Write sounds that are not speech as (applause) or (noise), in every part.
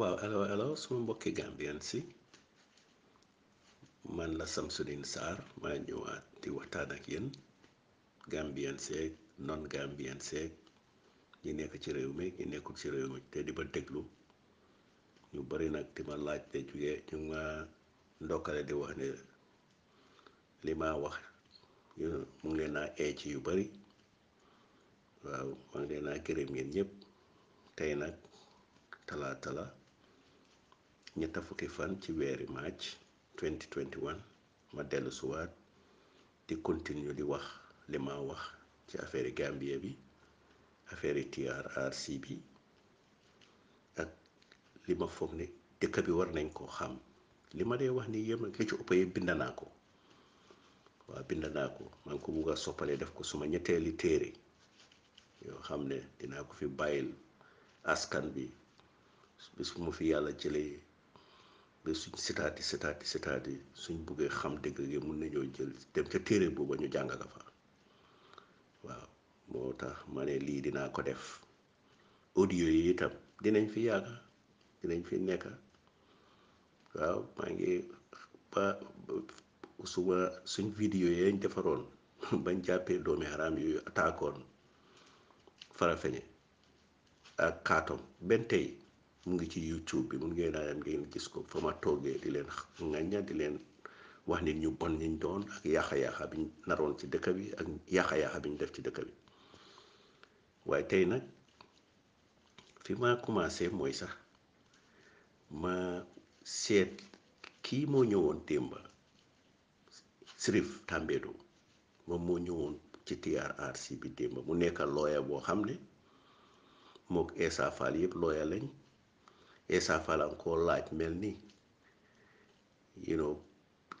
waaw alo alo suma mbokki gambien si man la Samsudeen Sarr maa ñëwaat di waxtaan ak yéen gambien seeg non gambien seeg ñi nekk ci réew mi ñi nekkul ci réew mi te di ba déglu ñu bari nag di ma laaj te jugee ñu ma ndokkale di wax ne li ma wax ñu mu leen a ee yu bari waaw maa ngi leen a gërëm yéen ñëpp tey nag talaata la ñetta fukki fan ci weeri maaj 2021 ma dellu suwaat di continue di wax li ma wax ci affaire yi Gambie bi affaire yi TRRC bi ak li ma foog ne dëkk bi war nañ koo xam li ma dee wax ni yéem nag li ci ëpp yëpp bind naa ko waa bind naa ko maa ngi ko bugg a soppale def ko suma ñetteeli téere yoo xam ne dinaa ko fi bàyyil askan bi bis mu fi yàlla jëlee ba suñ sitaati sitaati suñ buggee xam dëgg gi mun nañoo jël dem ca téere booba ñu jàng ka fa waaw moo tax ma ne lii dinaa ko def audio yi itam dinañ fi yàgg dinañ fi nekka waaw maa ngi ba suma suñ vidéo yañ defaroon (laughs) bañ jàppee doomi xaraam yooyu ataakoon farafeñe ak kaatom benn tey mu ngi ci YouTube bi mu ngeen daayam ngeen gis ko fa ma toogee di leen ngañña di leen wax nit ñu bon ñu doon ak yaaxa-yaaxa ci dëkk bi ak yaaxa-yaaxa def ci dëkk bi waaye tey nag fi ma commencé mooy sax ma seet kii moo ñëwoon démba Sirif Tambadou moom moo ñëwoon ci TRRC bi démba mu nekka looya boo xam ne mook Essa Faal yëpp looya lañ Essa Fall encore laaj mel nii you know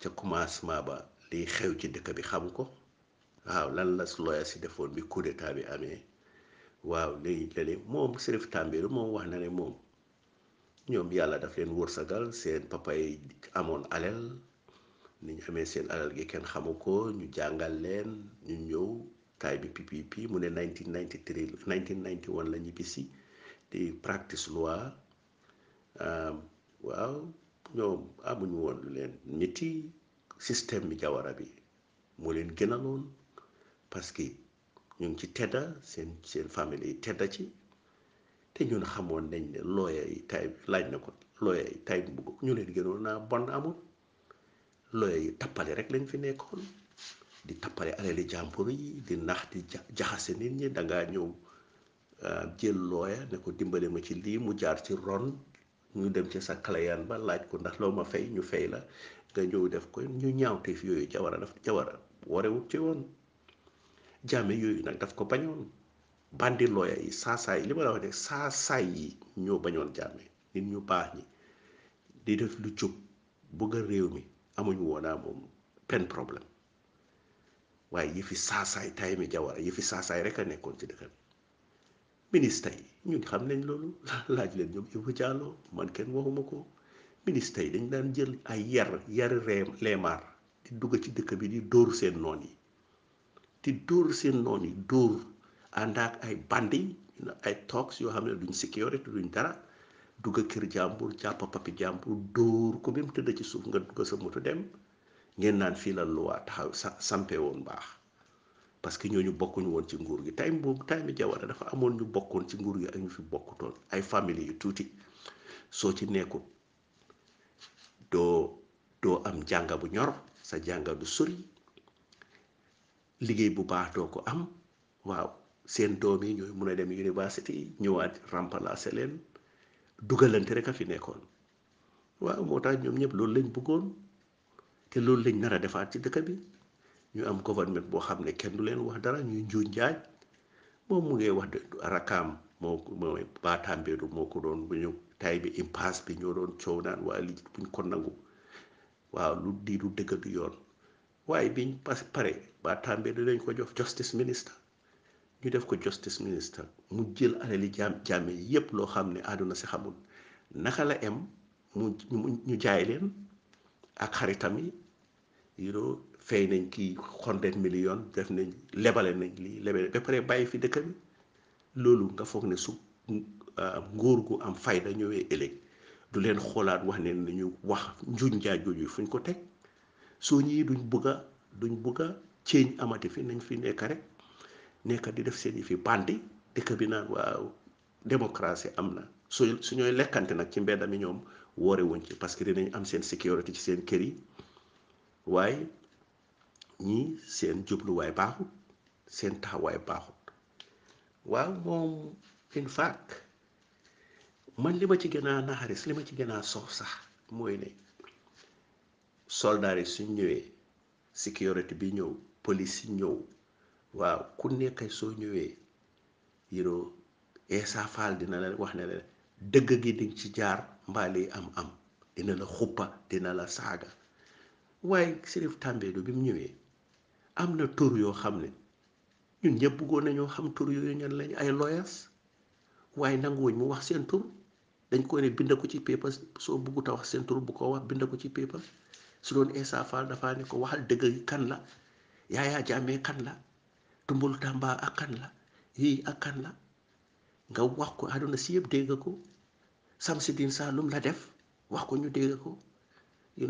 ca commencement ba liy xew ci dëkk bi xam ko waaw lan la looya si defoon bi coup d'état bi amee waaw léegi la ne moom Sheriff Tambadou moom wax na ne moom ñoom yàlla daf leen wërsagal seen papa yi amoon alal ni ñu amee seen alal gi kenn xamu ko ñu jàngal leen ñu ñëw taay bi PPP mu ne 1993 1991 la ñibbisi di practice loi. waaw ñoom um, amuñu woon lu leen ñetti système bi jawara bi moo leen gënaloon parce que ñu ngi ci tedda seen seen famille yi tedda ci te ñun xamoon nañ ne looya yi tay laaj na ko looya yi tay bu ñu leen gënoon naa bon amul looya yi tappale rek lañ fi nekkoon di tappale alali jàmbur yi di nax di jaxase nit ñi dangaa ñëw ah, jël looya ne ko dimbale ma ci lii mu jaar ci ron ñu dem ci sa client ba laaj ko ndax loo ma fay ñu fay la nga ñëw def ko ñu ñaaw ñaawteef yooyu jawara daf jawara warewut ci woon jaame yooyu nag daf ko bañoon bandi looya yi saasaay li ma la wax ne saasaay yi ñoo bañoon jaame nit ñu baax ñi di def lu jub bëgg réew mi amuñu woonaa moom pen problème waaye yëfi saasaay tay mi jawara yëfi saasaay rek a nekkoon ci dëkk bi ministre yi ñun xam nañ loolu (laughs) laaj leen ñoom Ibou Diallo man kenn waxuma ko ministre yi dañ daan jël ay yar yari ree leemaar di dugg ci dëkk bi di dóor seen noon yi di dóor seen noon yi dóor ànd ak ay bandi ay toogs yoo xam ne duñ sécurité duñ dara dugg kër jàmbur jàpp papi jàmbur dóor ko bi tëdd ci suuf nga dugg sa moto dem ngeen naan fii la luwaa taxaw sampe woon baax parce que ñooñu bokkuñu woon ci nguur gi time boobu time Jawara dafa amoon ñu bokkoon ci nguur gi ak ñu fi bokkutoon ay famille yu tuuti soo ci nekkul doo doo am jànga bu ñor sa jànga du sori liggéey bu baax doo ko am waaw seen doom yi ñooy mun a dem université ñëwaat remplacer leen dugalante rek a fi nekkoon waaw moo tax ñoom ñëpp loolu lañ bëggoon te loolu lañ nar a defaat ci dëkk bi. ñu am gouvernement boo xam ne kenn du leen wax dara ñuy njuuñ njaaj moom mu ngay wax rakaam moo mooy baatambeedu moo ko doon bu ñu tay bi impasse bi ñoo doon coow naan waa li buñ ko waaw lu di du dëgg du yoon waaye biñ pas pare baatambeedu dañ ko jox justice minister ñu def ko justice minister mu jël alali jaam jaame yépp loo xam ne àdduna si xamul naka la em mu ñu jaay leen ak xaritam yi fay nañ kii hundred million def nañ lebale nañ lii lebale ba pare bàyyi fi dëkk bi loolu nga foog ne su euh, nguur gu am fayda ñëwee ëllëg du leen xoolaat wax ne nañu wax njuñ njaaj jooju fuñ ko teg soo ñii duñ bëgg a duñ bëgg a ceeñ amati fi nañ fi nekk rek nekk di def seen yi fi bandi dëkk bi naan waaw démocratie am na su su ñooy lekkante nag ci mbedd mi ñoom woore wuñ ci parce que dinañ am seen sécurité ci seen kër yi waaye ñii seen jubluwaay baaxut seen taxawaay baaxut waaw moom in fact man li ma ci gën a naxaris li ma ci gën a sox sax mooy ne soldaar suñ ñëwee sécurité bi ñëw police yi ñëw waaw ku nekk soo ñëwee yiroo Essa Faal dina la wax ne la dëgg gi di ci jaar mbaali am am dina la xuppa dina la saaga waaye Sheriff Tambadou bi mu ñëwee am na tur yoo xam ne ñun ñëpp bëggoon nañoo xam tur yooyu ñan lañ ay lawyers waaye nanguwuñ mu wax seen tur dañ ko ne bind ko ci paper soo bëggut wax seen tur bu ko wax bind ko ci paper su doon Essa Faal dafaa ne ko waxal dëgg kan la Yaya Jammeh kan la Tumbul Tamba ak kan la yii ak kan la nga wax ko àdduna si yëpp dégg ko Samsidine Saalum la def wax ko ñu dégg ko you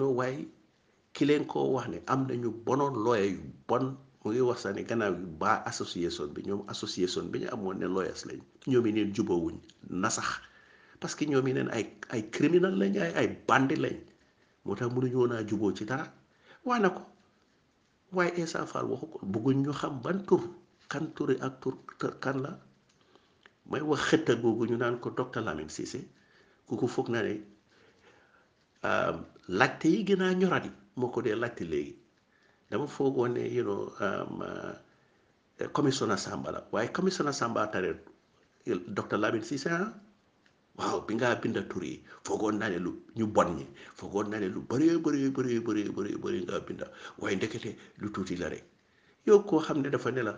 ki leen koo wax ne am na ñu bonoon lawyer yu bon mu ngi wax sax ne gannaaw yu baa association bi ñoom association bi ñu amoon ne lawyers lañ ñoom yi neen jubawuñ na sax parce que ñoom yi neen ay ay criminal lañ ay ay bandi lañ moo tax mënuñu woon a juboo ci dara waa na ko waaye Essa Faal waxu ko bëgguñ ñu xam ban tur kan turi ak tur kan la may wax xëtta googu ñu naan ko docteur Lamine Cissé kooku foog na ne euh, laajte yi gën a yi moo ko dee laajte léegi dama foogoon ne you know um, uh, commissioner Samba la waaye commissioner Samba tare docteur Lamine Cissé ah? waaw bi ngaa binda tur yi foogoon naa ne lu ñu bon ñi foogoon naa ne lu bëree bëri bëri bëri bëri bëri ngaa binda waaye ndekete lu tuuti la rek koo xam ne dafa ne la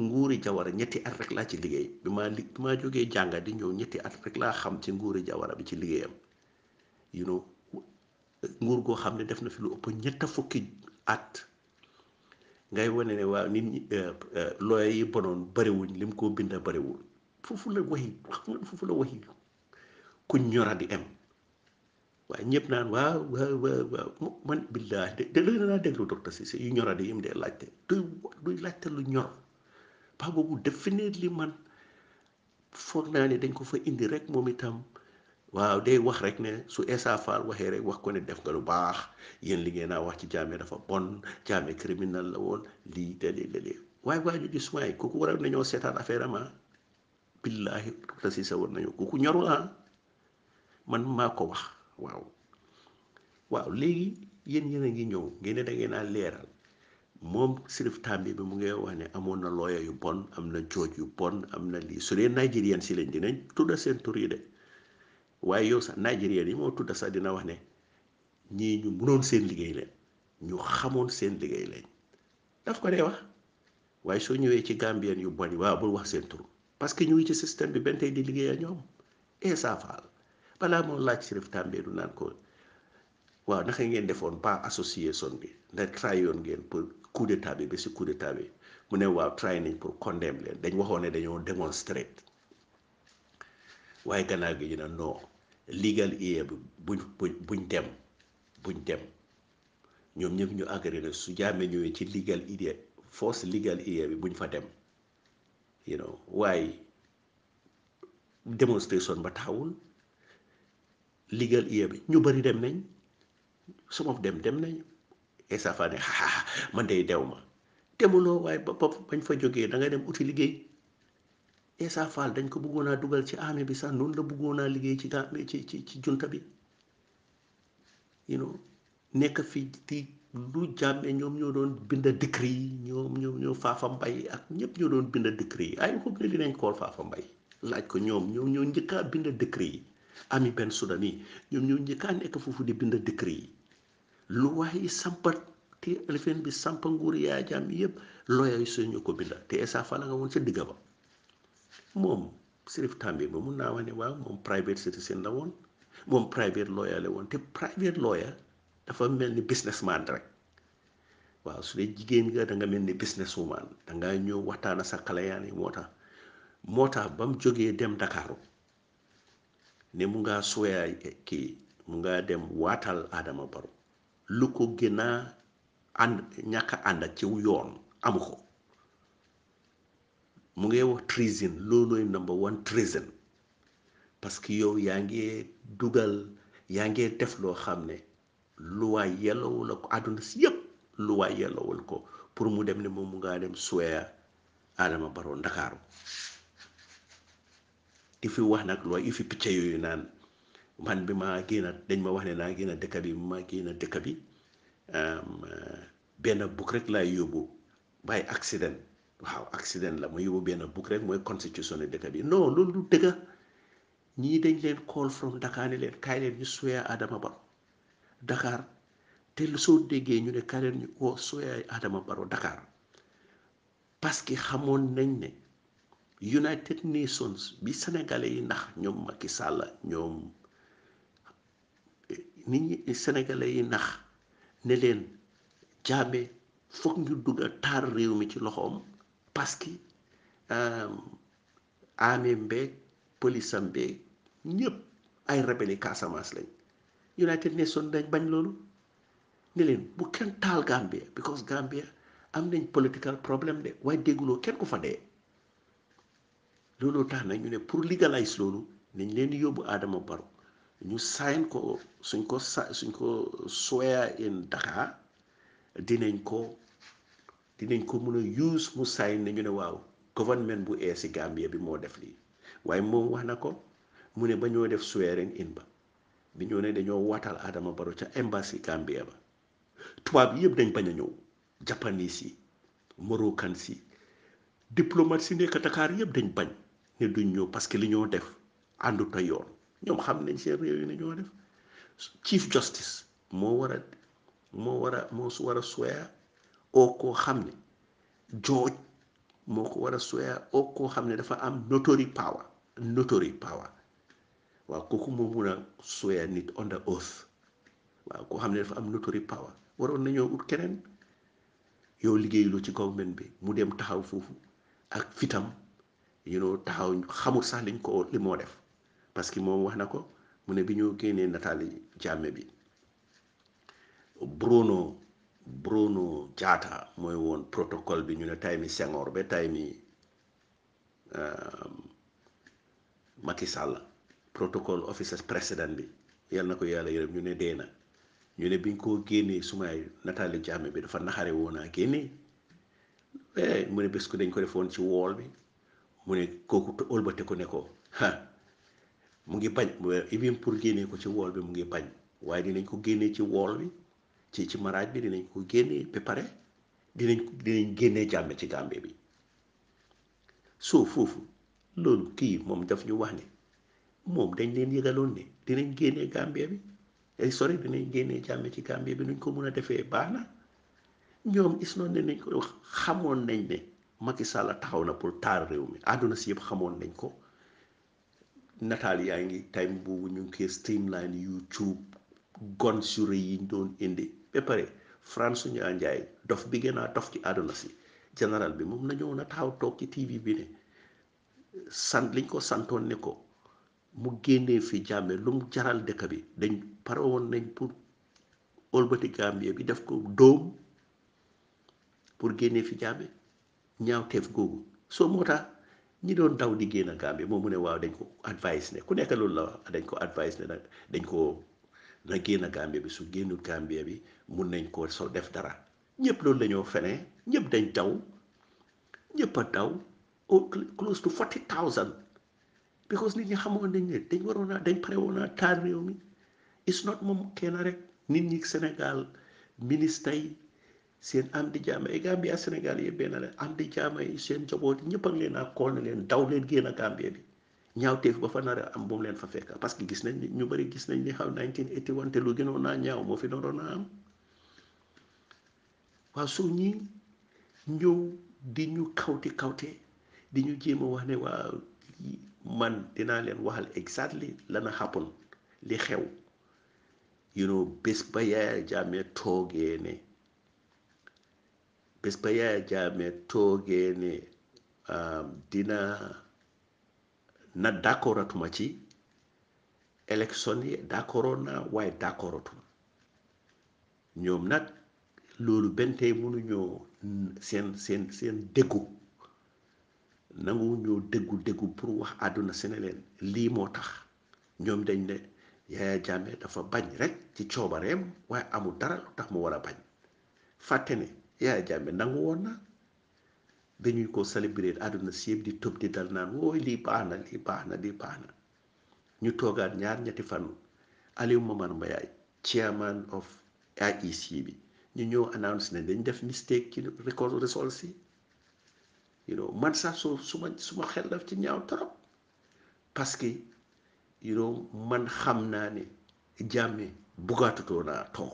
nguuri jawara ñetti at rek laa ci liggéey bi maa li bi maa jógee jànga di ñëw ñetti at rek laa xam ci nguuri jawara bi ci liggéeyam you know nguur goo xam ne def na fi lu ëpp ñetta fukki at ngay wone ne waaw nit ñi euh, euh, looya yi bonoon bariwuñ lim koo binda bariwul foofu la waxi xam nga foofu la waxi ku ñora di am waaye ñëpp naan yu ñora di yim de laajte duy duy laajte lu ñor paa boobu definitely man foog naa ne dañ ko fa indi rek moom itam waaw de wax rek ne su Essa Faal waxee rek wax ko ne def nga lu baax yéen li ngeen a wax ci jaame dafa bon jaame criminal la woon lii dalee dalee waaye waa ju gis waay kooku waral nañoo seetaan affaire am ah billaahi si sa war nañu kooku ñorul ah man maa ko wax waaw waaw léegi yéen yéen a ngi ñëw ngeen ne da ngeen a leeral moom Sirif Tambi bi mu ngi wax ne amoon na looya yu bon am na jooj yu bon am na lii su dee Nigerian si lañ dinañ tudda seen tur yi de. waaye yow sax Nigérian yi moo tudda sax dina wax ne ñii ñu mënoon seen liggéey leen ñu xamoon seen liggéey leen daf ko dee wax waaye soo ñëwee ci Gambien yu bon yi waaw bul wax seen tur parce que ñu ngi ci système bi benn tey di liggéey ak ñoom et eh, ça faal balaa moo laaj Sheriff Tambadou du naan ko waaw naka ngeen defoon pas association bi ndax try yoon ngeen pour coup d'état bi ba si coup d'état bi mu ne waaw try nañ pour condemn leen dañ waxoon ne dañoo démonstrer waaye gannaaw gi ñu ne legal IE bi buñ buñ buñ dem buñ dem ñoom ñëpp ñu agréé na su jaamee ñëwee ci legal IE force legal IE bi buñ fa dem you know waaye démonstration ba taxawul legal IE bi ñu bari dem nañ su ma dem dem nañ Essa Fane (laughs) man de dew ma demuloo waaye ba bañ fa jógee da nga dem uti liggéey. Essa Fall dañ ko buggoonaa dugal ci armée bi sax noonu la bëggoon a liggéey ci daa ci ci ci junta bi you nekk fi di lu jàmmee ñoom ñoo doon bind décret yi ñoom ñoom ñoo Faafa Mbay ak ñëpp ñoo doon bind décret yi ay kool Faafa Mbay laaj ko ñoom ñoom ñoo njëkk yi Ami Ben ñoom ñoo njëkk nekk foofu di bind décret yi lu waaye sampa te elefen bi sampa nguur yaa jàmm yëpp looyay suñu ko binda te Essa Fall nga woon ca digga ba moom Sheriff Tambie ba mun naa wax ne waaw moom private citizen la woon moom private lawyer la woon te private lawyer dafa mel ni businessman rek waaw su dee jigéen nga mel ni businesswoman da ngaa ñëw waxtaan sa xaleyaani moo tax moo tax ba mu jógee dem Ndakaaru ne mu ngaa sooyaa ki mu ngaa dem waatal aadama Barrow lu ko gën a ànd ñàkk ànd ci yoon amu ko. mu ngay wax treason loolooy number one treason parce que yow yaa ngi dugal yaa ngee def loo xam ne luwaa yellowul ko àdduna si yëpp luwaa yellowul ko pour mu dem ne moom mu ngaa dem swear Adama Barrow Ndakaaru di fi wax nag looy i fi picc yooyu naan man bi maa génn dañ ma wax ne naa génn dëkk bi ma génn dëkk bi benn bukk rek laay yóbbu by accident waaw accident la mu yóbbu benn bug rek mooy constitution ne dëkk bi non loolu du dëgg dañ leen call from Dakar ne leen kaay leen ñu swear Adama Barrow Dakar te soo déggee ñu ne kaay leen Adama Barrow Dakar parce que xamoon nañ ne United Nations bi sénégalais yi ndax ñoom Macky Sall ñoom nit ñi sénégalais yi ndax ne leen jaabe foog ñu dugg a réew mi ci loxoom. parce que amee mbeeg pëlisam mbeeg ñëpp ay rebelle Casamance lañ United Nations dañ bañ loolu ne leen bu kenn taal Gambia because Gambia am nañ political problème de waaye dégguloo kenn ku fa dee looloo tax na ñu ne pour legalize loolu nañ leen yóbbu Adama Barrow ñu sign ko suñ ko sa suñ ko swear in Dakar dinañ ko dinañ ko mën a use mu saay nañu ne waaw gouvernement bu ees si Gambia bi moo def lii waaye moom wax na ko mu ne ba ñoo def swearing in ba bi ñoo ne dañoo waatal aadama Barrow ca embassy Gambia ba tubaab yëpp dañ bañ a ñëw japanese yi marocain si diplomat si nekk Dakar yëpp dañ bañ ne duñ ñëw parce que li ñoo def ànduta yoon ñoom xam nañ seen réew yi ne ñoo def chief justice moo war a moo war a moo war a swear oo koo xam ne jooj moo ko war a soya oo koo xam ne dafa am notary power notary power waaw kooku moo mun a soya nit under oath waaw koo xam ne dafa am notary power waroon nañoo ut keneen yow liggéeyuloo ci government bi mu dem taxaw foofu ak fitam you know taxaw xamul sax liñ ko li moo def parce que moom wax na ko mu ne bi ñu génnee nataali jàmme bi Bruno Bruno Diatta mooy woon protocole bi ñu ne tay mi Senghor ba tay mi euh, Macky Sall protocole officers président bi yal na ko yàlla yërëm ñu ne dee na ñu ne biñ ko génnee sumay nataali jàmme bi dafa naxare woon naa génnee eh, mu ne bés dañ ko defoon ci wool bi mu ne kooku ëlbate ko ne ko mu ngi bañ even pour génnee ko ci wool bi mu ngi bañ waaye dinañ ko génnee ci wool bi ci ci maraaj bi dinañ ko génnee ba pare dinañ dinañ génnee jàmme ci Gàmbi bi soo foofu loolu kii moom daf ñu wax ni moom dañ leen yëgaloon ne dinañ génnee Gambie bi ay eh, sori dinañ génnee jàmme ci Gambie bi nuñ ko mun a defee baax na ñoom is noon ne nañ ko wax xamoon nañ ne Macky Sall taxaw na pour taal réew mi àdduna si yëpp xamoon nañ ko nataal yaa ngi time boobu ñu ngi koy streamline YouTube gon sure rëy yi ñu doon indi ba pare France ñaa njaay dof bi gën a dof ci àdduna si général bi moom na ñëw a taxaw toog ci TV bi ne sant liñ ko santoon ne ko mu génnee fi jàmme lum mu jaral dëkk bi dañ pare woon nañ pour ëlbati Gambie bi def ko dóom pour génnee fi jàmme ñaawteef googu soo moo tax ñi doon daw di génn Gambie moom mu ne waaw dañ ko advice ne ku nekk loolu la dañ ko advice ne dañ ko na génn Gambie bi su génnul Gambie bi mun nañ koo soo def dara ñëpp loolu lañoo fene ñëpp dañ daw ñëpp a daw close to forty thousand because nit ñi xamoon nañ dañ waroon dañ pare woon a taal réew moom kenn rek nit ñi Sénégal ministre yi seen am di jaama yi Gambie Sénégal yëpp benn la am di jaama ñëpp leen a kool leen daw leen génn Gambie bi ñaawteef ba fa nar am bu leen fa fekk parce que gis nañ ni ñu bari gis nañ ni xaw 1981 te lu gënoon naa ñaaw moo fi doon naa am waaw soo ñi ñëw di ñu kawti kawte di ñu jéem a wax ne waaw man dinaa leen waxal exactly lana happen li xew you know bés ba Yaya Jammeh toogee ne bés ba Yaya Jammeh toogee ne um, dina. nag d'accord ci élection yi d'accordoon naa waaye d'accord ñoom nag loolu benn tey mënuñoo seen seen seen déggu nangu ñoo déggu déggu pour wax àdduna sene leen lii moo tax ñoom dañ ne Yaya Jammeh dafa bañ rek ci coobareem waaye amul dara lu tax mu war a bañ fàtte ne Yaya Jammeh nangu woon na dañuy ko célébrer àdduna si yëpp di tëb di dal naan wooy lii baax na lii baax na lii baax na ñu toogaat ñaar ñetti fan Aliou Momar Mbaye chairman of IEC bi ñu ñëw announce ne dañ def mistake ci record results yi you know man sax su su xel daf ci ñaaw trop parce que you know man xam naa ne jàmme bugaatutoo naa toog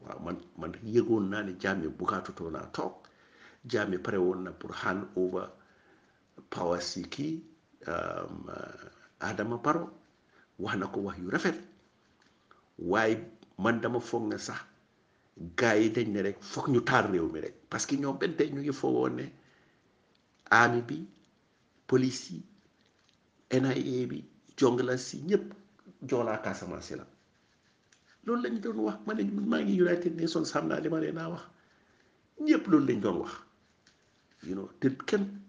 waaw man man yëgoon naa ne jàmme bugaatutoo naa toog Jammeh pare woon na pour hand over power si kii um, uh, Adama Barrow wax na ko wax yu rafet waaye man dama foog ne sax gars yi dañ ne rek foog ñu taal réew mi rek parce que ñoom benn tey ñu ngi foogoon ne army bi police jongla si ñëpp joolaa Casamance la loolu lañ doon wax ma ne maa ngi United Nations xam naa li naa wax ñëpp loolu lañ doon wax you know te kenn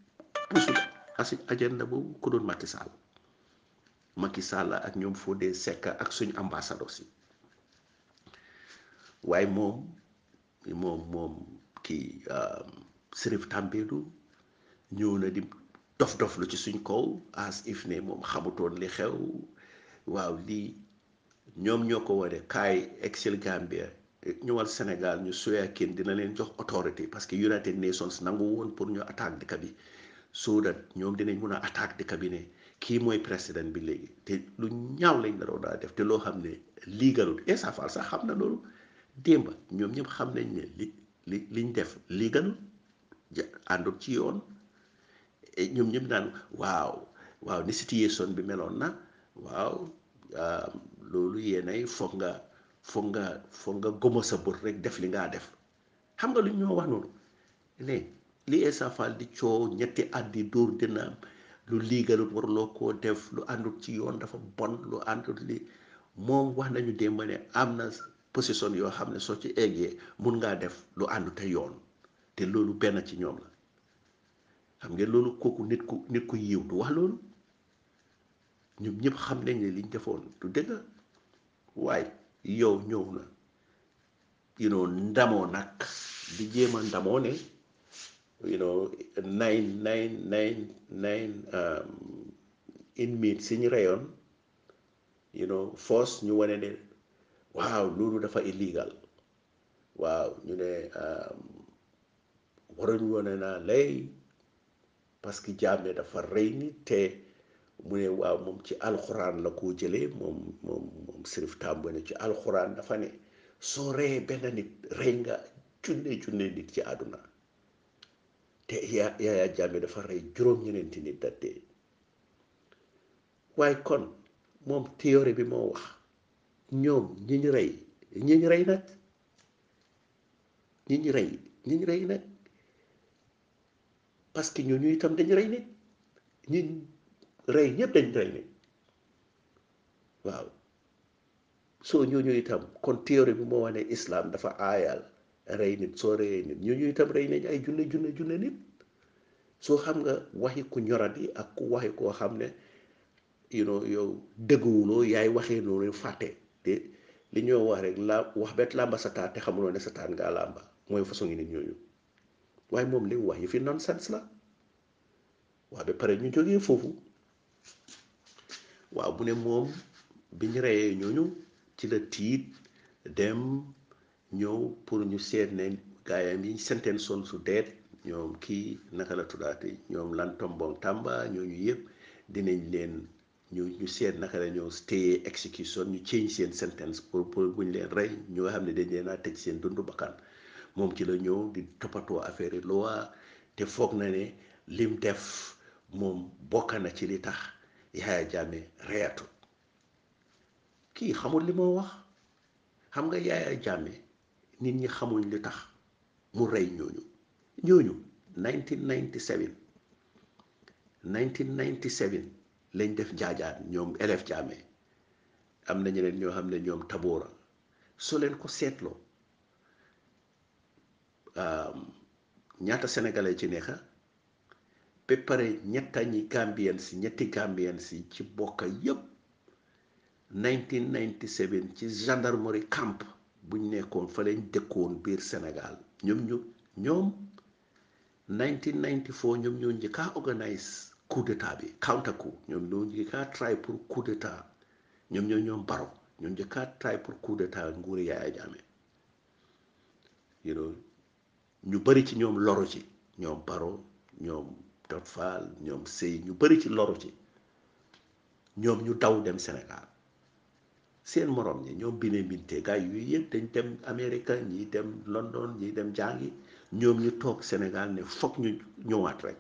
pusul asi agenda boobu ko doon Macky Sall Macky ak ñoom Fodé Seck ak suñu ambassadeurs yi waaye moom moom moom kii euh, Serif Tambédou ñëw na di dof dof lu ci suñ kaw as if ne moom xamutoon li xew waaw lii ñoom ñoo ko wane kaay excel Gambia ñëwal Sénégal ñu Suyakin dina leen jox autorité parce que United Nations nangu woon pour ñu attaque dëkk bi so that ñoom dinañ mun a attaque dëkk bi ne kii mooy président bi léegi te lu ñaaw lañ la doon daa def te loo xam ne liigalul Essa Faal sax xam na loolu démba ñoom ñëpp xam nañ ne li li liñ def liigalul ja ci yoon ñoom ñëpp naan waaw waaw ni situation bi meloon na waaw euh, loolu yéenay foog nga. foog nga foog nga goma sa bët rek def li ngaa def xam nga lu ñoo wax noonu ne li Essa Faal di coow ñetti at di dóor dinaam lu liigalut warloo koo def lu àndut ci yoon dafa bon lu àndut li moom wax nañu démb ne am na position yoo xam ne soo ci eggee mun ngaa def lu àndute yoon te loolu benn ci ñoom la xam ngeen loolu kooku nit ku nit ku yiw du wax loolu ñoom ñëpp xam nañ ne liñ defoon du dëgg waaye yow ñëw na you know ndamoo nag di jéem ndamoo ne you know nine nine nine nine um, inmates si ñu reyoon you know force ñu wane ne waaw loolu dafa illegal waaw ñu ne um, waruñu wane naa lay parce que jaame dafa rey nit te mu ne waaw moom ci alxuraan la ko jëlee moom moom moom sirif tàmbone ci alxuraan dafa ne soo reyee benn nit rey nga junne junne nit ci àdduna te yaa yaayaa jàmme dafa rey juróom-ñeneenti nit da waaye kon moom théorie bi moo wax ñoom ñi ñu rey ñi ñu rey nag ñi rey ñi ñu rey nag parce que ñooñu itam dañu rey nit ñi. rey ñëpp dañ tooñ ni waaw soo ñooñu itam kon théorie bi moo wane islam dafa aayal rey nit soo reyee nit ñooñu itam rey nañ ay junne junne junne nit soo xam nga waxi ku yi ak ku waxi koo xam ne you yow dëgguwuloo yaay waxee noonu fàtte te li ñoo wax rek la wax bet làmba sa taan te xamuloo ne sa taan ngaa làmba mooy façon ngi nit ñu waaye moom li wax yi fi nonsense la waaw ba pare ñu jógee foofu waaw bu ne moom bi reyee ñooñu ci la tiit dem ñëw pour ñu seet ne gaayam yi senteen son su deet ñoom kii naka la tuddaate ñoom lan tombong tàmba ñooñu yëpp dinañ leen ñu ñu seet naka la ñoo stay execution ñu change seen sentence pour pour buñ leen rey ñu xam ne dañ leen a tëj seen dundu bakkan moom ci la ñëw di toppatoo affaire yi loi te foog na ne lim def moom bokk na ci li tax Yahya Jammeh reetu kii xamul li moo wax xam nga Yahya Jammeh nit ñi xamuñ li tax mu rey ñooñu ñooñu 1997 1997 lañ def jaajaan ñoom élève Jammeh am na ñeneen ñoo xam ne ñoom taboora soo leen ko seetloo ñaata sénégalais ci nekka ba pare ñettañi Gambien si ñetti Gambien si ci bokk yépp 1997 ci gendarmerie camp buñ nekkoon fa lañ dëkkoon biir Sénégal ñoom ñu ñoom 1994 ñoom ñoo njëkkaa coup d'état bi counter coup ñoom pour coup d'état ñoom ñoo ñoom baro ñoo njëkkaa try pour coup d'état nguuri Yaya Jammeh you know ñu bëri ci ñoom loru ci ñoom baro ñoom docteur Fall ñoom sëy ñu bari ci loru ci ñoom ñu daw dem Sénégal seen moroom ñi ñoom bine mbinte gaay yooyu yëpp dañ dem Amérique ñi dem London ñi dem jàngi ñoom ñu toog Sénégal ne foog ñu ñëwaat rek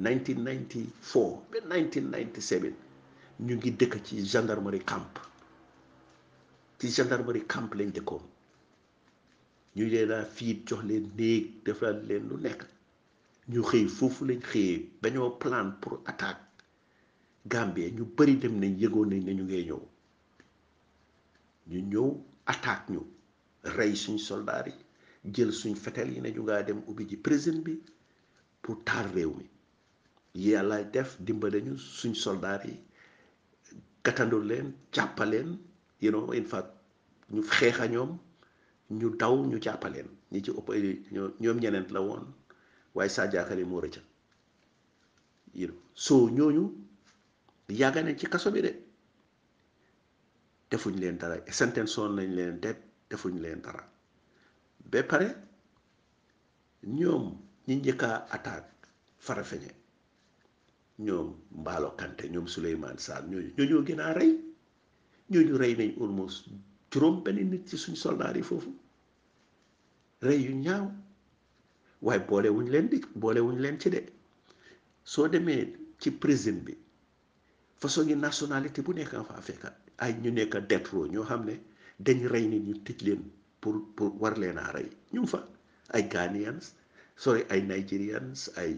1994 ba 1997 ñu ngi dëkk ci gendarmari camp ci gendarmerie camp lañ dëkkoon ñu leen a fiit jox leen néeg defal leen lu nekk ñu xëy foofu lañ xëyee dañoo plan pour attaque Gambie ñu bari dem nañ yëgoon nañ ne ñu ngee ñëw ñu ñëw attaque ñu rey suñ soldaar yi jël suñ fetel yi ne ñu ngaa dem ubbi ji prison bi pour taal réew mi yàlla def dimbale ñu suñ soldaar yi gàttandu leen jàppaleen you know in fact ñu xeexa ñoom ñu daw ñu jàppaleen ñi ci ëpp ñoom ñeneen la woon waaye Sadio Akane moo rëcc yéen soo ñooñu yàgg nañ ci kaso bi de defuñ leen dara sentence soon nañ leen te defuñ leen dara ba pare ñoom ñi njëkk a attaque Farafeñe ñoom Mballo Kanté ñoom Souleymane Sarr ñooñu ñoo gën a rey ñooñu rey nañ almost juróom benn nit ci suñ soldaar yi foofu rey yu ñaaw. waaye boolewuñ leen di boole leen ci de soo demee ci prison bi façon yi nationalité bu nekk fa fekk ay ñu nekk death row ñoo xam ne dañ rey nit ñu tëj leen pour pour war leen a rey ñum fa ay Ghanaians sorry ay Nigerians ay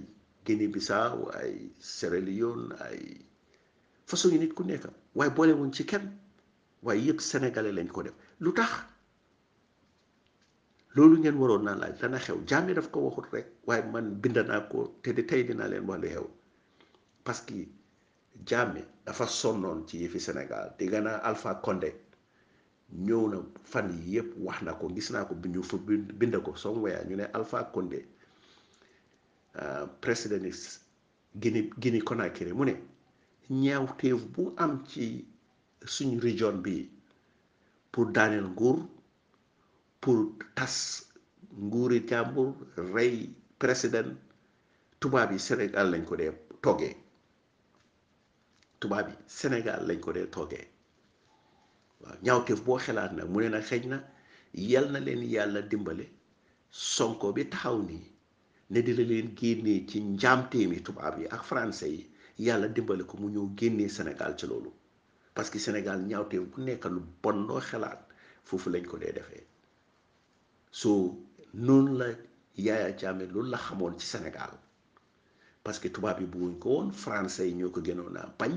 Guinée Bissau ay Sierra Leone ay façon yi nit ku nekk waaye boolewuñ ci kenn waaye yëpp sénégalais lañ ko def lu tax loolu ngeen waroon naa laaj dana xew jaami daf ko waxut rek waaye man bind naa ko te di tey dinaa leen wax li xew parce que jaami dafa sonnoon ci yëfi Sénégal dégg naa Alpha Condé ñëw na fan yi yëpp wax na ko gis naa ko bu ñu fa bind ko som waya ñu ne Alpha Condé euh, président Guinée Guinée Conakry mu ne ñaawteef bu am ci suñu région bi pour daaneel nguur pour tas nguuri jàmbur rey président tubaab yi Sénégal lañ ko dee toggee tubaab yi Sénégal lañ ko dee toggee waaw ñaawteef boo xelaat nag mu ne nag xëj na yal na leen yàlla dimbale sonko bi taxaw nii ne dina leen génnee ci njaamteemi tubaab yi ak france yi yàlla dimbale ko mu ñëw génnee senegal ci loolu parce que Sénégal ñaawteef bu nekk lu bon xelaat foofu lañ ko dee defee. so noonu la Yaya jàmme loolu la xamoon ci senegaal parce que tubaab yi bëgguñ ko woon français yi ñoo ko gënoon a bañ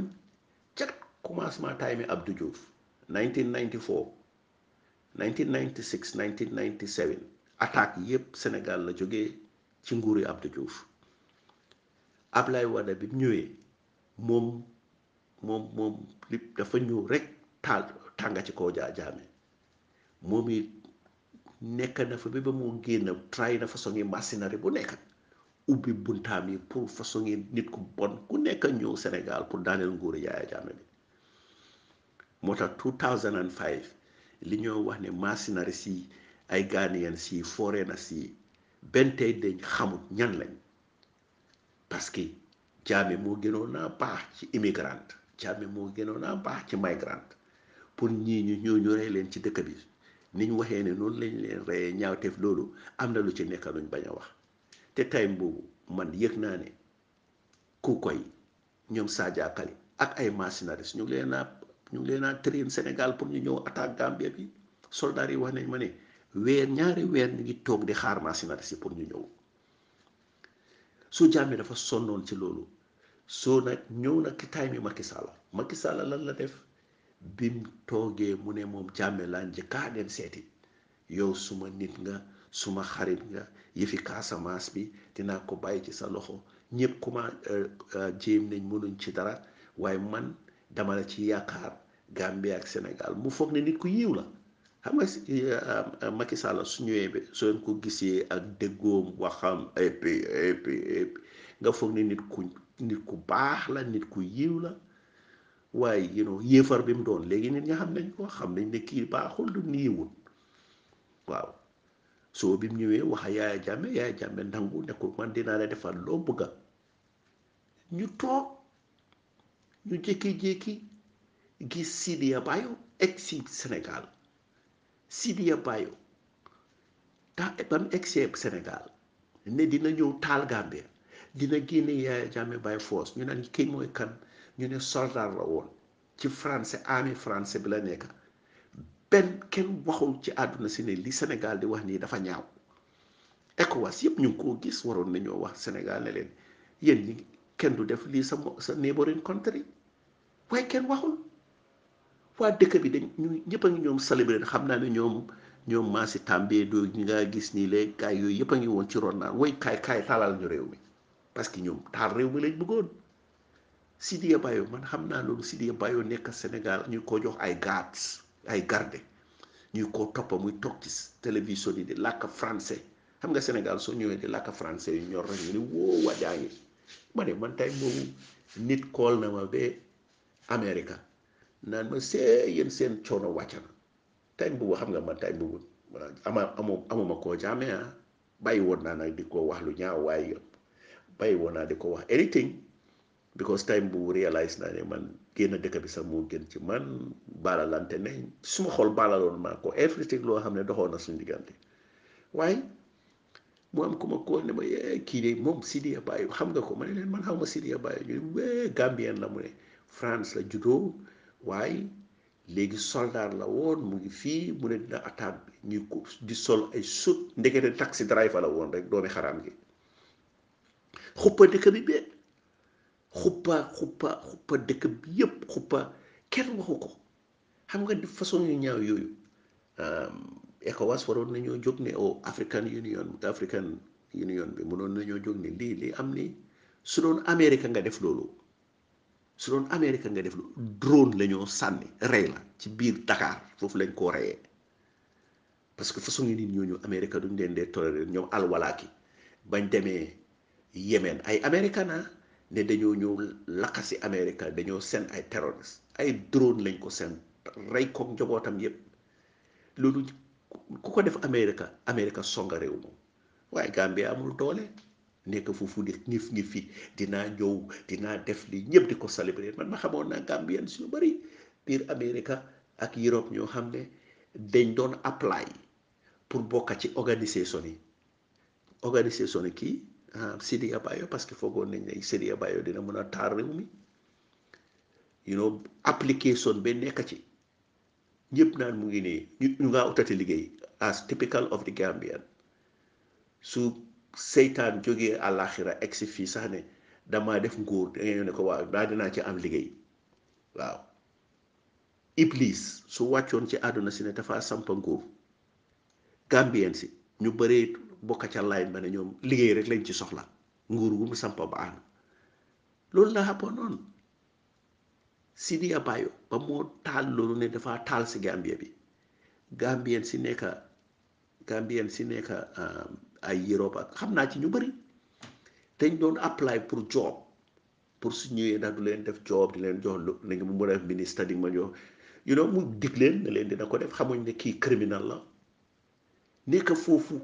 ca commencement time yi Abdou Diouf 1994 1996 1997 attaque yépp Sénégal la jógee ci nguuri Abdou Diouf Ablaye Wade bi ñëwee moom moom moom li dafa ñëw rek taal tànga ci kaw Yaya Jammeh moom it nekk na fa bi ba mu génn try na façon yi machinerie bu nekk ubbi buntaam yi pour façon yi nit ku bon ku nekk ñëw senegal pour daaneel nguuru Yaya Jammeh bi moo tax 2005 li ñoo wax ni machinerie si ay Ghanaian si foreigner si benn tey dañ xamut ñan lañ parce que Jammeh moo gënoon a baax ci immigrant Jammeh moo gënoon a baax ci migrant pour ñii ñu ñëw ñu rey leen ci dëkk bi. ñu waxee ne noonu lañ leen reyee ñaawteef loolu am na lu ci nekk luñ bañ a wax te time boobu man yëg naa ne ku koy ñoom Sadia Kali ak ay mercenaires ñu ngi leen a ñu ngi leen a train Sénégal pour ñu ñëw attaque Gambie bi soldats yi wax nañ ma ne weer ñaari weer ñu ngi toog di xaar mercenaires yi pour ñu ñëw su jàmmee dafa sonnoon ci loolu soo nag ñëw na ki time yi Macky Sall Macky Sall lan la def. bim toogee mu ne moom jàmme laa njëkkaa dem seeti yow suma nit nga suma xarit nga yëfi Casamance bi dinaa ko bàyyi ci sa loxo ñëpp kuma euh, euh, jéem nañ mënuñ ci dara waaye man dama la ci yaakaar Gambie ak Sénégal mu foog ne nit ku yiw la xam nga euh, Macky Sall ko gisee ak déggoom waxam nga foog ne nit ku nit ku baax la nit ku yiw la. waaye you know bi mu doon léegi nit ña xam nañ ko xam nañ ne kii baaxul lu niiwul waaw soo bi mu ñëwee wax yaaya jàmme yaaya jàmme nangu ne ko man dinaa la defal loo bëgga ñu toog ñu jékki-jékki gis Sidiya Bayo egg si Sénégal Sidiya Bayo ta ba mu egg see ne dina ñëw taal Gambia dina génne yaaya jàmme by force ñu naan kii mooy kan ñu ne soldat la woon ci français ami français bi la nekk benn kenn waxul ci àdduna si ne li Sénégal di wax nii dafa ñaaw ECOWAS yëpp ñu ngi koo gis waroon nañoo wax Sénégal ne leen yéen ñi kenn du def lii sa sa neighboring country waaye kenn waxul waa dëkk bi dañ ñu ñëpp ñoom célébré xam naa ne ñoom ñoom maa si tàmbee doo ñi gis nii léeg gaay yooyu yëpp ngi woon ci ron naan way kaay kaay taalal ñu réew mi parce que ñoom taal réew mi lañ bëggoon Sidya Bayo man xam naa loolu Sidya Bayo nekk Sénégal ñu ko jox ay gardes ay garde ñu ko toppa muy toog ci télévision yi di làkk francais xam nga Sénégal soo ñëwee di làkk francais yu ñor nañu ni woo wajaa ngi ma man tey boobu nit kool na ma ba Amérique naan ma see yéen seen coono wàcc na tey boobu xam nga man tey boobu amuma koo jaamee ah bàyyi woon naa nag di ko wax lu ñaaw waaye bàyyi woon naa di ko wax anything because time bu réalise naa ne man génn dëkk bi sax moo gën ci man baalalante ne suma xol baalaloon ma ko everything loo xam ne doxoon na suñu diggante waaye mu am ku ma koo ne ma eh, kii de moom Sidiya Bayo xam nga ko ma ne leen man xaw ma Sidiya Bayo ñu ne eh, Gambien la mu ne France la juddoo waaye léegi soldat la woon mu ngi fii mu ne dina attaque bi ñu ko di sol ay sut ndekete taxi driver la woon rek doomi xaraam gi xuppa dëkk bi bee xuppa xuppa xuppa dëkk bi yëpp xuppa kenn waxu ko xam nga di façon yu ñaaw yooyu ECOWAS waroon nañoo jóg ne au oh, African Union African Union bi mënoon nañoo jóg ne lii lii am ni su doon Amérique nga def loolu su doon Amérique nga def loolu drone la sànni rey la ci biir Dakar foofu lañ ko reyee parce que façon yi nit ñooñu Amérique duñ leen dee toléré ñoom alwalaaki bañ demee Yémen ay Américains ah. ne dañoo ñëw lakkasi Amérique dañoo seen ay terroriste ay drone lañ ko seen rey koog njabootam yépp loolu ku ko def Amérique america songa réew moom waaye Gambie amul doole nekk foofu di ñif ñi dinaa ñëw dinaa def li ñëpp di ko célébrer man ma xamoon naa Gambien suñu bëri biir Amérique ak Europe ñoo xam ne dañ doon apply pour bokka ci organisation yi organisation yi kii Ah, Sidya Bayo parce que foogoon nañ ne Sidya Bayo dina mën a taar réew mi you know ñëpp naan mu ngi nii ñu ñu ngaa utati liggéey as typical of the Gambian su seytaan jógee àllaaxira egsi fii sax ne damaa def nguur da ne ko waaw daa dinaa ci am liggéey waaw Iblis su wàccoon ci àdduna si ne dafa sampa nguur Gambien si ñu bëree bokka ca laay ba ne ñoom liggéey rek lañ ci soxla nguur gu mu sampa ba ànd loolu la xappoon noonu Sidi Abayo ba moo taal loolu ne dafa taal si Gambia bi Gambien si nekka Gambien si nekka eh, ay Europe xam naa ci ñu bari dañ doon apply pour job pour su ñëwee ndax du leen def job di leen jox lu ne mu mën a ministre di ma jox you know mu dig leen di leen ko def xamuñ ne kii criminal la nekk foofu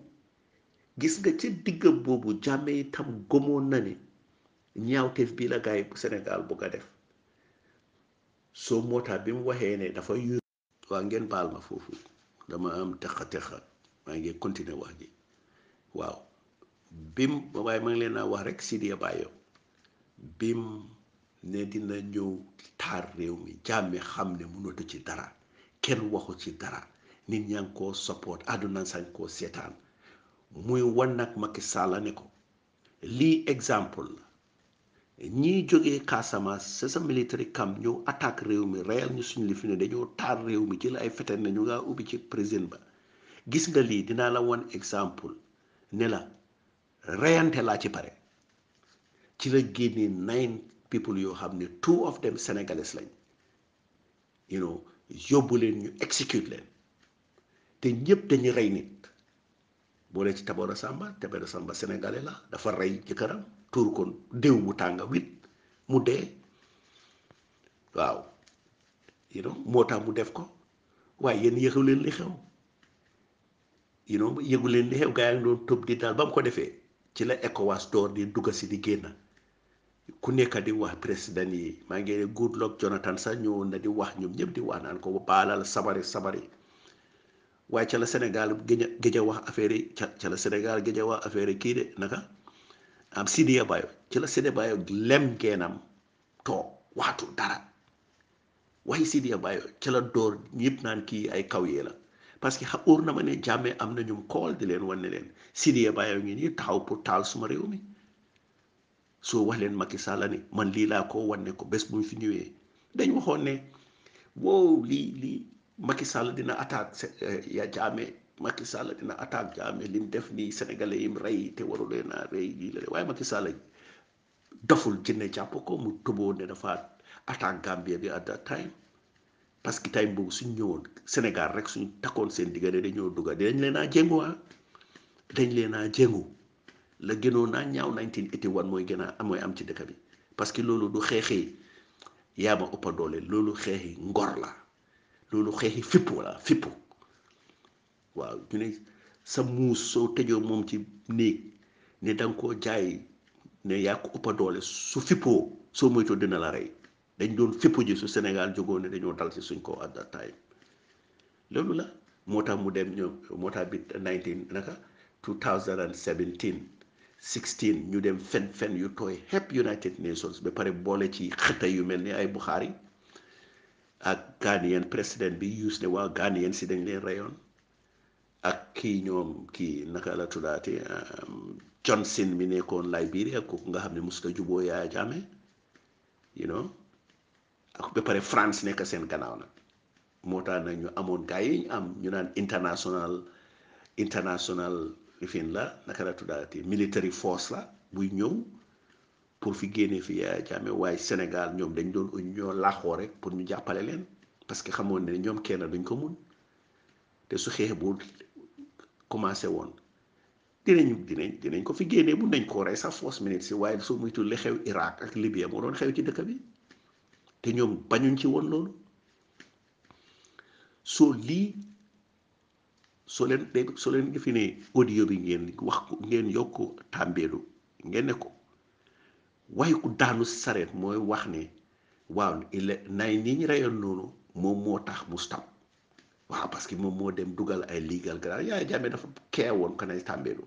gis nga ci diggam boobu jàmme itam gëmoon na ne ñaawteef bii la gaay bu Sénégal bu ko def soo moo tax bi mu waxee ne dafa yur waa ngeen baal ma foofu dama am texa texa maa ngi continuer wax ji waaw bim waaye ma ngi leen a wax rek Sidiya bi bim ne dina ñëw taar réew mi jàmme xam ne mënatu ci dara kenn waxu ci dara nit ñaa ngi koo support àdduna sañ koo seetaan muy wan nag Macky Sall ne ko lii exemple la ñiy jógee Casamance c'est sa military camp ñëw attaque réew mi reyal ñu suñ li fi ne dañoo taar réew mi ci la ay fete ne ñu ubbi ci président ba gis nga lii dinaa la wan exemple ne la reyante laa ci pare ci la génnee nine people yoo xam ni two of them sénégalais lañ you leen ñu execute leen te ñëpp dañu rey nit boole ci Tabora Samba Tabora Samba sénégalais la dafa rey jëkkëram tuur ko déw mu tàng wit mu dee waaw you know moo tax mu def ko waaye yéen yëgu leen li xew you know yëgu leen li xew gaa yi doon tëb di daal ba mu ko defee ci la ECOWAS door di dugg si di génn ku nekk di wax président yi maa ngi Goodluck Jonathan sax ñëwoon na di wax ñoom ñëpp di wax naan ko baalal sabari sabari. waaye cala la Sénégal gëj a wax affaire yi ca ca la Sénégal a wax affaire kii de naka am Sidiya Bayo ca la Sidiya lem geenam toog waxatu dara waaye Sidiya Bayo ca la door yëpp naan kii ay kaw yee la parce que xa óor na ma ne jàmme am na ñum kool di leen wan ne leen Sidiya Bayo ngi nii taxaw pour taal suma réew mi soo wax leen Macky Sall ni man lii laa ko wan ne ko bés mu fi ñëwee dañ waxoon ne wow lii lii. Macky Sall dina attaque eh, ya Jammeh Macky Sall dina attaque Jammeh li mu def nii sénégalais yi mu rey te waru leen a rey lii la waaye Macky Sall doful jënne jàpp ko mu tëboo ne dafa attaque Gambie bi at that time parce que time boobu suñ ñëwoon Sénégal rek suñ takkoon seen diggante dañoo dugga dañ leen a jéngu ah dañ leen a jéngu la gënoon naa ñaaw 1981 mooy gën a amooy am ci dëkk bi parce que loolu du xeexi yaa ma doole loolu xeexi ngor la loolu xeexi fippu la fippu waaw ñu ne sa muus soo tëjoo moom ci néeg ne da nga koo jaay ne yàq ko ëppa doole su fippoo soo moytoo dina la rey dañ doon fippu ji su Sénégal jógoo ne dañoo dal ci suñ ko at that time loolu la moo tax mu dem ñoom moo tax bi 19 naka 2017 16 ñu dem fen fen yu tooy xepp United Nations ba pare boole ci xëta yu mel ni ay Buxaari ak Ghanaian président bi use ne waa Ghanaian si dañ leen reyoon ak kii ñoom kii naka la tuddaate um, Johnson mi nekkoon Liberia kooku nga xam ne mosut a juboo Yaya Jammeh you know ba pare France nekk seen gannaaw nag moo tax nag ñu amoon gars yi ñu am ñu naan international international lifin la naka la tuddaate military force la buy ñëw. pour fi génnee fi Yaya euh, Jammeh waaye Sénégal ñoom dañ doon ñoo laaxoo rek pour ñu jàppale leen parce que xamoon ne ñoom kenn duñ ko mun te su xeex bu commencé woon dinañ dinañ dinañ ko fi génnee mun nañ koo rey sax force minute si waaye soo moytu li xew Irak ak Libya moo doon xew ci dëkk bi te ñoom bañuñ ci woon loolu soo lii soo leen dégg soo leen defi ne audio bi ngeen wax ko ngeen yokk tàmbeelu ngeen ne ko. waaye ku daanu sareet mooy wax ni waaw nay nii ñu reyoon noonu moom moo tax mu stam waaw parce que moom moo dem dugal ay legal grand yaay jaame dafa kee woon ko nay tàmbeelu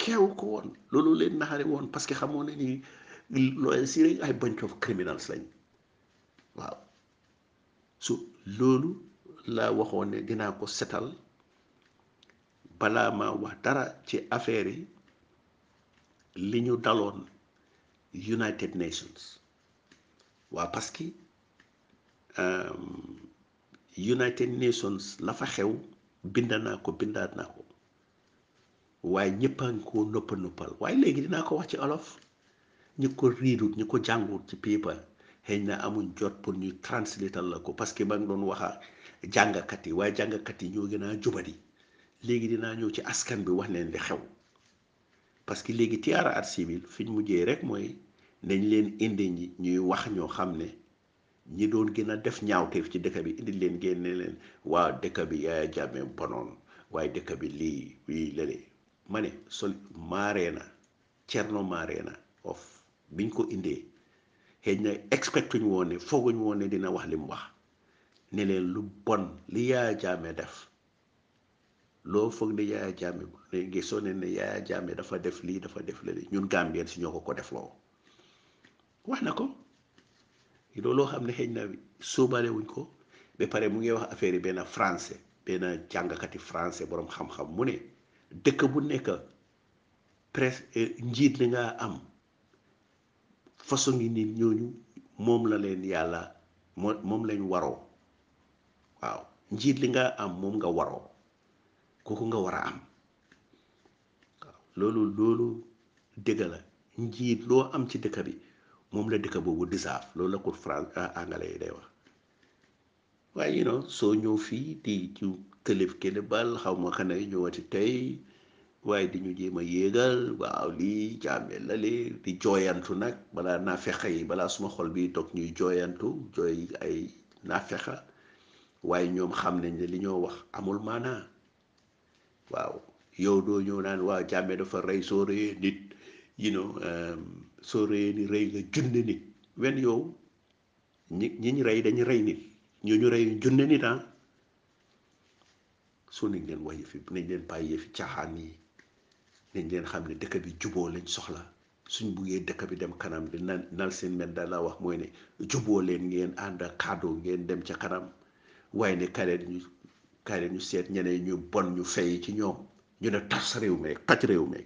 keewu ko woon loolu leen naxare woon parce que xamoon ne ni ay bunch of criminals lañ waaw su waxoon dinaa ko setal balaa ma wax dara ci affaire yi li ñu daloon United Nations waaw parce que euh, United Nations la fa xew bind naa ko bindaat naa ko waaye ñëpp a ngi ko nëppa nëppal waaye léegi dinaa ko wax ci olof ñu ko riidut ñu ko jàngut ci paper xëy na amuñ jot pour ñu translatal la ko parce que ba nga doon waxa jàngakat yi waaye jàngakat yi ñoo gën a jubadi léegi dinaa ñëw ci askan bi wax leen li xew parce que léegi tiyaara at civil fi ñu mujjee rek mooy nañ leen indi ñi ñuy wax ñoo xam ne ñi doon gën a def ñaaw ñaawteef ci dëkk bi indi leen génne leen waa dëkk bi Yaya eh, Jammeh bonoon waaye dëkk bi lii lii lële ma ne sol Marena Thierno Marena of biñ ko indee xëy na expectuñ woon ne fooguñ woon ne dina wax li mu wax ne leen lu bon li Yaya Jammeh def loo foog ne Yaya Jammeh léegi soo ne ne Yaya Jammeh dafa def lii dafa def lële ñun Gambien si ñoo ko ko def loo wax na ko looloo xam ne xëy na sóobaale ko ba pare mu ngi wax affaire yi benn français benn jàngkati français borom xam-xam mu ne dëkk bu nekk presque eh, njiit li nga am façon ngi nit ñooñu moom la leen yàlla moom lañ waroo waaw njiit li nga am moom nga waroo kooku nga war a am waaw loolu loolu dëgg la njiit loo am ci dëkk bi moom la dëkk boobu disaaf loolu la ko France euh, anglais yi day wax waaye soo ñëw fii di ci tëlif kenn bal xaw ma kan ay ñëwati tey waaye di jéem a yéegal waaw nag naa fexe yi balaa bi toog ñuy jooyantu jooy ñoom xam ne li ñoo wax amul maanaa waaw yow doo ñëw naan waaw jàmme dafa rey soo reyee nit you know um, soo reyee ni rey nga junne nit wen yow ñi ñi ñu rey dañu rey nit ñu ñu rey junne nit ah su nañ leen wax yëfi nañ leen bàyyi yëfi caaxaan yi nañ leen xam ne dëkk bi juboo lañ soxla suñ buggee dëkk bi dem kanam di naan nal seen mel da la wax mooy ne juboo leen ngeen ànd ak kàddu ngeen dem ca kanam waaye ne kaleen kaay la ñu seet ñeneen ñu bon ñu fay ci ñoo ñu ne tas réew mi toj réew mi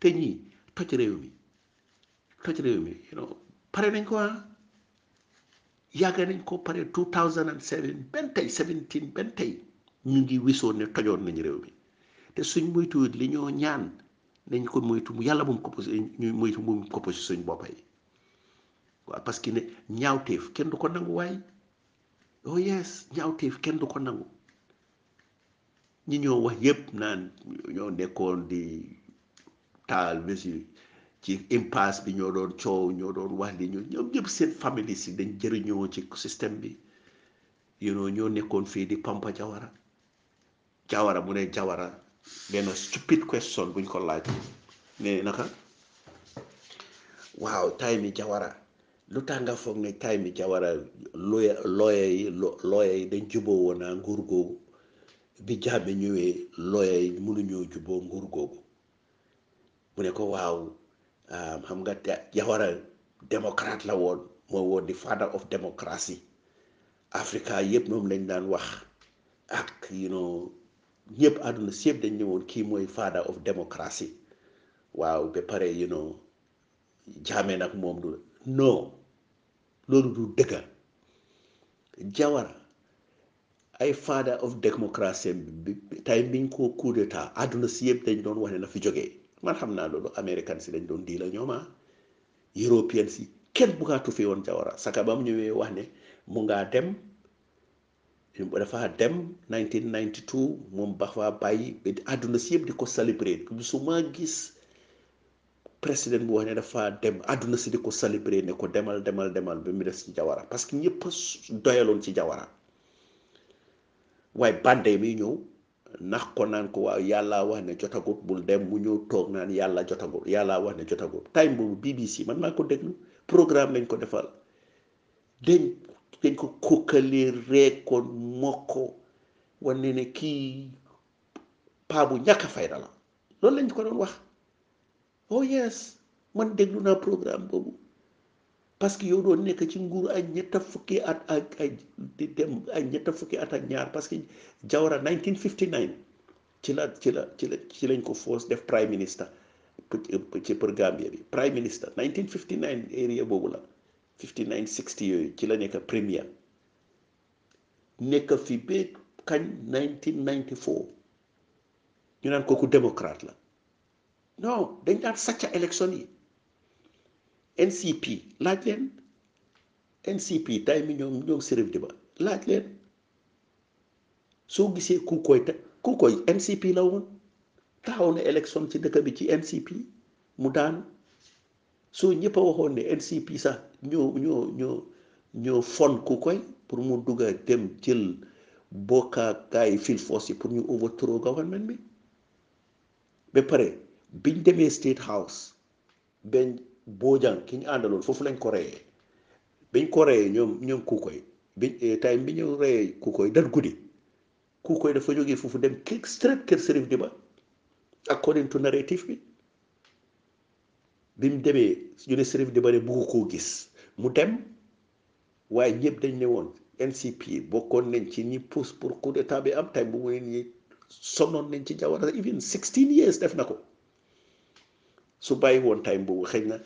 te ñii toj réew mi toj réew mi you know pare nañ ko ah yàgg nañ ko pare 2007 benn tey 17 benn tey ñu ngi wisoon ne tojoon nañ réew mi te suñ moytuwut li ñoo ñaan nañ ko moytu yàlla moom ko ñu moytu moom ko posi suñ boppa waaw parce que ne ñaawteef kenn du ko nangu waay oh yes kenn du ko nangu ñi ñoo wax yëpp naan ñoo nekkoon di taal mesure ci impasse bi ñoo doon coow ñoo doon wax li ñu ñoom ñëpp seen famille si dañ jëriñoo ci système bi you know ñoo nekkoon fii di pampa jawara jawara mu ne jawara benn stupid question buñ ko laaj ne naka waaw tay mi jawara lu tax nga foog ne tay mi jawara looye yi looye yi dañ juboo woon ah, nguur googu bi jaame ñëwee looya yi mënuñoo juboo nguur googu mu ne ko waaw xam nga Jawara démocrate la woon moo woon di father of democracy Africa yëpp moom lañ daan wax ak you know ñëpp àdduna si yëpp dañ ñëwoon kii mooy father of democracy waaw ba pare you know jaame nag moom du non loolu du dëgga Jawara ay father of democracy bi tay biñ ko coup d'état àdduna si yëpp dañ doon wax ne na fi jógee man xam naa loolu american si dañ doon dii la ñooma ah. européen si kenn bugaatu fi woon Jawara saka ba mu ñëwee wax ne mu ngaa dem dafa dem 1992 moom ba faa bàyyi àdduna si yëpp di ko célébrer su ma gis président bu wax ne dafa dem àdduna si di ko célébrer ne ko demal demal demal ba mu des ci Jawara parce que ñëpp doyaloon ci Jawara waaye bànde mi ñëw nax ko naan ko waaw yàlla wax ne jotagut bul dem mu ñëw toog naan yàlla jotagut yàlla wax ne jotagut time boobu BBC man maa ko déglu programme lañ ko defal dañ dañ ko kukkalee reekoon mokko wane ne kii paa bu ñàkk fayda la loolu lañ ko doon wax oh yes man déglu naa programme boobu parce que yow doon nekk ci nguur ay ñetta fukki at ak ay dem ay ñetta fukki at ak ñaar parce que Jawara 1959 ci la ci la ci la ci lañ ko force def prime minister ci pour Gambia bi prime minister 1959 area boobu la 59 60 yooyu ci la nekk premier nekk fi ba kañ 1994 ñu naan kooku démocrate la non dañ daan sàcca élection yi. NCP laaj leen NCP tay mi ñoom ñoom sérif di ba laaj leen soo gisee ku koy te ku koy NCP la woon taxaw na élection ci dëkk bi ci NCP mu daanu soo ñëpp waxoon ne NCP sax ñoo ñoo ñoo ñoo fon ku koy pour mu dugga dem jël bokkaakaay fil force yi pour ñu overthrow government bi ba pare biñ demee State House boo Bojang ki ñu àndaloon foofu lañ ko reyee bañ ko reyee ñoom ñoom Kukoy bi eh, time bi ñu reyee Kukoy dat guddi Kukoy dafa jógee foofu dem kii straight kër Serif ba according to narrative bi bi mu demee ñu ne Serif Diba ne bugg koo gis mu dem waaye ñëpp dañ ne woon NCP bokkoon nañ ci ñi pousse pour coup d'état bi am time bu mu ne ñi nañ ci Jawara even 16 years def na ko. su bàyyi woon tay boobu xëy na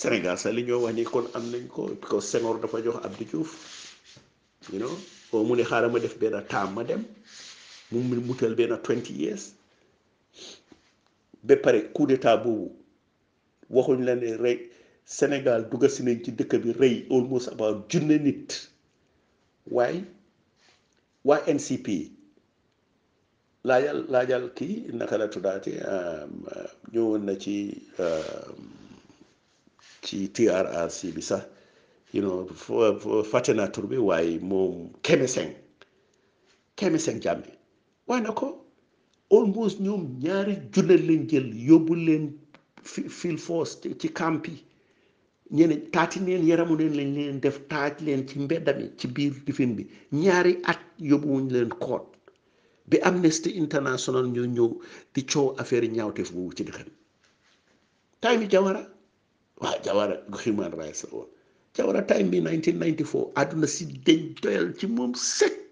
Sénégal sax li ñoo wax ni kon am nañ ko parce que dafa jox ab Diouf you know oo mu ne xaaral ma def benn taam ma dem mu mutal benn 20 years ba pare coup d'état boobu waxuñ la ne rey Sénégal dugga si nañ ci dëkk bi rey almost about junne nit waaye waa NCP. laajal laajal kii naka la tuddaati euh, ñëwoon na ci euh, ci TRRC bi sax you know fàtte naa tur bi waaye moom Kemeseng Kemeseng Jammeh waaye na ko almost ñoom ñaari junne lañ jël yóbbu leen field force ci kampi yi ñeneen taati neen yaramu neen lañ leen def taaj leen ci mbedda mi ci biir difin bi ñaari at yóbbuwuñ leen koot bi Amnesty International ñoo ñëw di coow affaire ñaawteef boobu ci dëkk bi time yi Jawara waaw Jawara human rights la woon Jawara time bi 1994 àdduna si dañ doyal ci moom set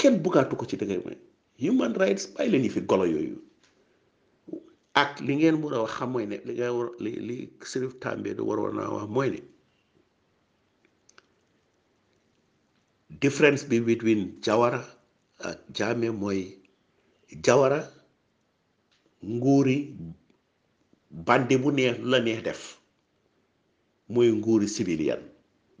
kenn buggaatu ko ci dëkk bi human rights bàyyi leen yi fi golo yooyu ak li ngeen war a wax xam mooy ne li nga war li li Serif Tambe du waroon naa wax mooy ne difference bi between Jawara jaame mooy jawara nguuri bandi bu neex lu la neex def mooy nguuri civilian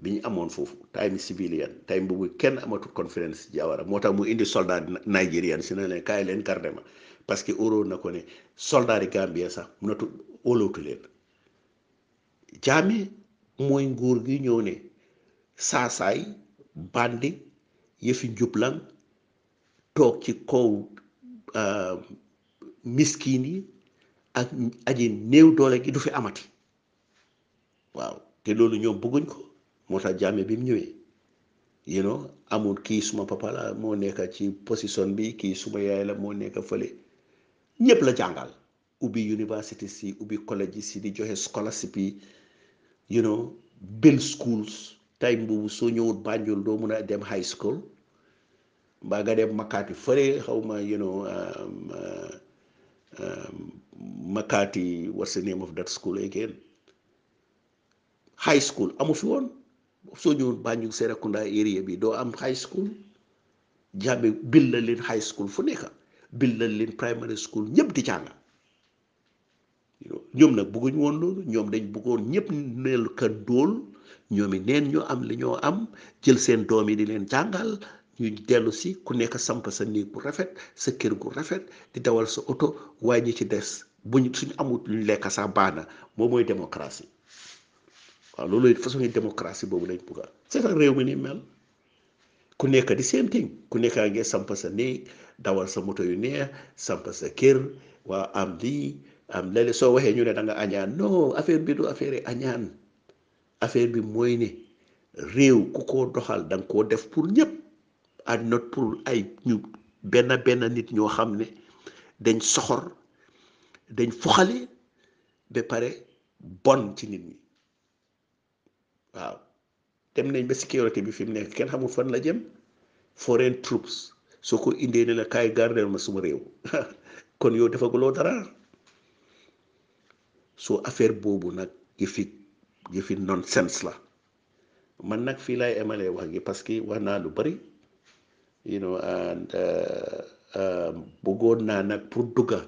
bi ñu amoon foofu time civilian time boobu kenn amatul conférence jawara moo tax mu indi soldat nigerian si ne leen kaay leen garde ma parce que óoloon na ko ne soldat Gambie sax mënatu óolootu leen jaame mooy nguur gi ñëw ne saasaay bandi yëfi njublan toog ci kaw euh, miskin yi ak aji néew doole gi du fi amati waaw te loolu ñoom bëgguñ ko moo tax jàmme bi mu ñëwee you know amul kii suma papa la moo nekk ci position bi kii suma yaay la moo nekk fële ñëpp la jàngal ubbi université si ubbi collège si di joxe scholarship yi you know build schools time boobu soo ñëwul Banjul doo mun a dem high school. mbaa nga dem makkaati fëre xaw ma you know um, uh, um, makkaati name of that school again high school amu fi woon soo ñëwoon Banjul Serekunda area bi doo am high school jàmbe bil la leen high school fu nekk bil la leen primary school ñëpp di jàng ñoom nag bëgguñ woon loolu ñoom dañ bëggoon ñëpp neel ka ndóol ñoom i neen ñoo am li ñoo am jël seen doom yi di leen jàngal ñu dellu si ku nekk samp sa néeg bu rafet sa kër gu rafet di dawal sa oto waaye ñi ci des buñ suñu amut luñ lekk sax moom mooy démocratie waaw loolu it façon démocratie boobu lañ bugga c'est réew mi ni mel ku nekk di same ku nekk a ngi dawal sa moto yu neex samp sa kër waa am lii am lale soo waxee ñu ne danga nga añaan non affaire bi du affaire yi añaan affaire bi mooy ne réew ku ko doxal danga nga koo def pour ñëpp. àdduna pour ay ñu benn benn nit ñoo xam ne dañ soxor dañ fuxali ba pare bon ci nit ñi waaw dem nañ ba sécurité bi fi mu nekk kenn xamul fan la jëm foreign troops soo ko indee ne la kaay gardeel ma suma réew (laughs) kon yow defaguloo dara soo affaire boobu nag fi yëfi yëfi nonsense la man nag fii laay emalee wax gi parce que wax naa lu bari you uh, um, naa nag pour dugga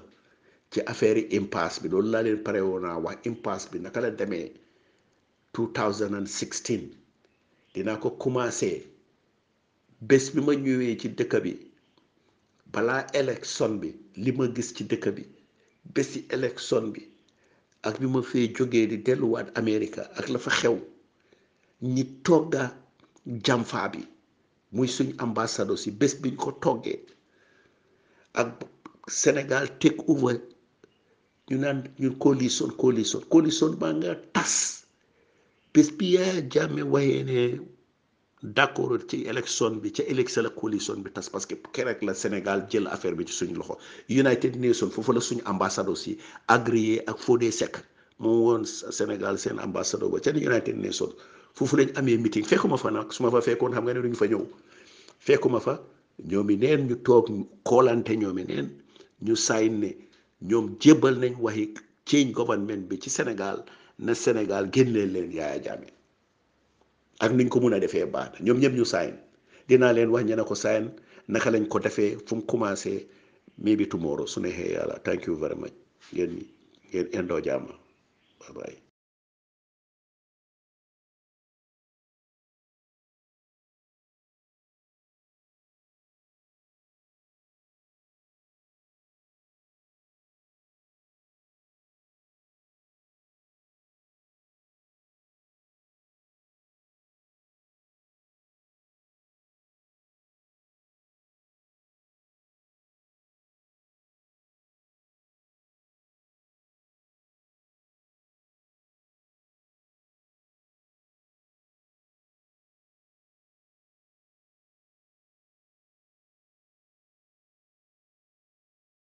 ci affaire yi impasse bi loolu laa leen pare woon naa wax impasse bi naka la demee 2016 dinaa ko commencé bés bi ma ñëwee ci dëkk bi balaa élection bi li ma gis ci dëkk bi bési élection bi ak bi ma fee jógee di delluwaat Amérique ak la fa xew ñi togga jàmfaa bi muy suñ ambassadeur si bés biñ ko toggee ak Sénégal take over ñu naan ñu coalition coalition coalition baa nga tas bés bi yaa jàmme waxee ne d'accord ci élection bi ca élection la coalition bi tas parce que kerek la Sénégal jël affaire bi ci suñ loxo United Nations foofu la suñ ambassadeur si agréé ak Fodé Seck moom woon Sénégal seen ambassadeur ba ca United Nations foofu lañ amee meeting fekkuma fa nag su ma fa fekkoon xam nga ne duñ fa ñëw fekkuma fa ñoomi neen ñu toog koolante ñoomi neen ñu saay ne ñoom jébbal nañ waxi change government bi ci Sénégal na Sénégal génneel leen Yaya Jammeh ak niñ ko mun a defee baax na ñoom ñëpp ñu saay dinaa leen wax ñu ko saay naka lañ ko defee fu mu commencé maybe tomorrow su neexee yàlla thank you very much ngeen ngeen indoo jàmm